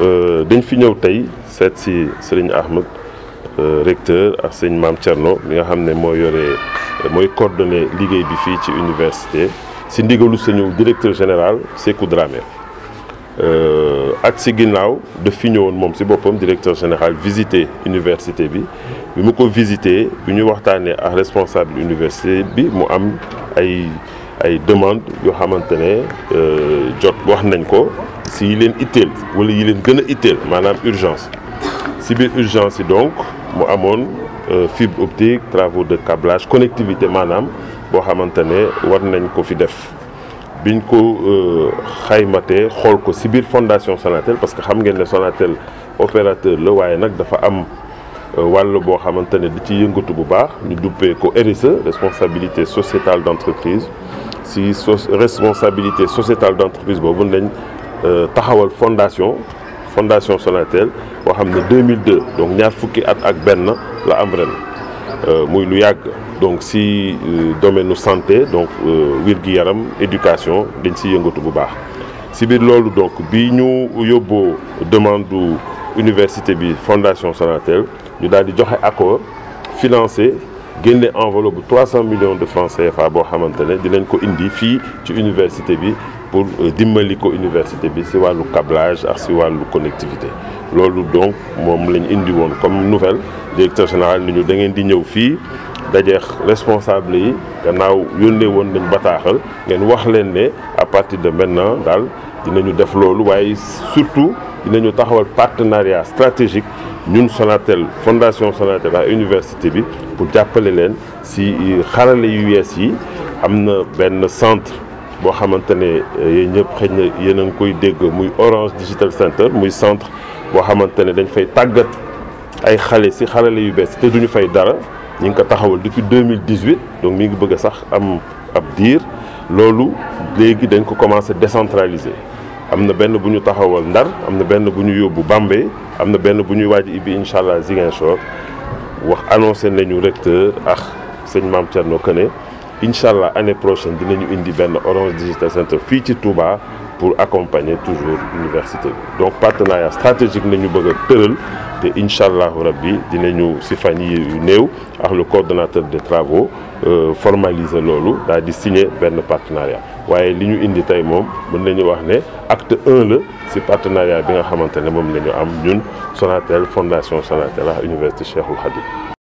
Euh, dañ fi ñëw tey seet si sëriñ Ahmed euh, recteur ak sëñ Maam Thierno mi nga xam ne moo yore mooy coordonné liggéey bi fii ci université si ndigalu sëñu directeur général Sékou Dramé euh, ak si ginnaaw daf fi ñëwoon moom si boppam directeur général visité université bi bi mu ko visité bu ñu waxtaanee ak responsable université bi mu am ay. ay demande yoo xamante ne euh, jot wax nañ ko si yi leen itteel wala yi leen gën a itteel maanaam urgence si biir urgence yi donc mu amoon euh, fibre optique travaux de câblage connectivité maanaam boo xamante ne war nañ ko fi def biñ ko euh, xaymatee xool ko si biir fondation Sonatel parce que xam ngeen ne Sonatel opérateur la waaye nag dafa am wàll boo xamante ne di ci yëngatu bu baax ñu duppee ko RSE responsabilité sociétale d'entreprise si responsabilité sociétale d'entreprise boobu nañ euh, taxawal fondation fondation Sonatel boo xam ne 2002 donc ñaar fukki at ak benn la am ren euh, muy lu yàgg donc si euh, domaine nu santé donc wér-gi-yaram éducation dañ si yëngatu bu baax si biir loolu donc bi ñu yóbboo demande du université bi fondation Sonatel ñu daal di joxe accord financé génne enveloppe bu 300 millions de francs CFA boo xamante ne dinañ ko indi fii ci université bi pour euh, dimbali ko université bi si wàllu câblage ak si wàllu connectivité loolu donc moom lañu indi woon comme nouvelle directeur général ni ñu da ngeen di ñëw fii dajeex responsable yi gannaaw yónnee woon nañu bataaxal ngeen wax leen ne à partir de maintenant daal ñu def loolu waaye surtout ñu taxawal partenariat stratégique ñun Sonatel fondation Sonatel à université bi bu jàppale leen si xarale yu yees yi am na benn centre boo xamante ne eh, yéen ñëpp xëy na yéen a ngi koy dégg muy Orange Digital Center muy centre boo xamante ne dañ fay tàggat ay xale si xarale yu bees te duñu fay dara ñu ngi ko taxawal depuis 2018 donc mi ngi bëgg a sax am ab diir loolu léegi dañ ko commencé décentraliser. am na benn bu ñu taxawal Ndar am na benn bu ñu yóbbu Bambey am na benn bu ñuy waaj ibbi incha allah Ziguinchor wax annoncé nañu recteur ak sëñ Maam Thierno Kene incha anne année prochaine dinañu indi benn Orange Digital Center fii ci Touba pour accompagner toujours université bi donc partenariat stratégique nañu bëgg a tëral. te incha allahu rabbi dinañu si fan yi yu néew ak le coordonnateur des travaux euh, formaliser loolu daal di benn partenariat waaye li ñu indi tey moom mën nañu wax ne acte un la si partenariat bi nga xamante ne moom la ñu am ñun Sonatel fondation Sonatel ak université Cheikhoul Khadim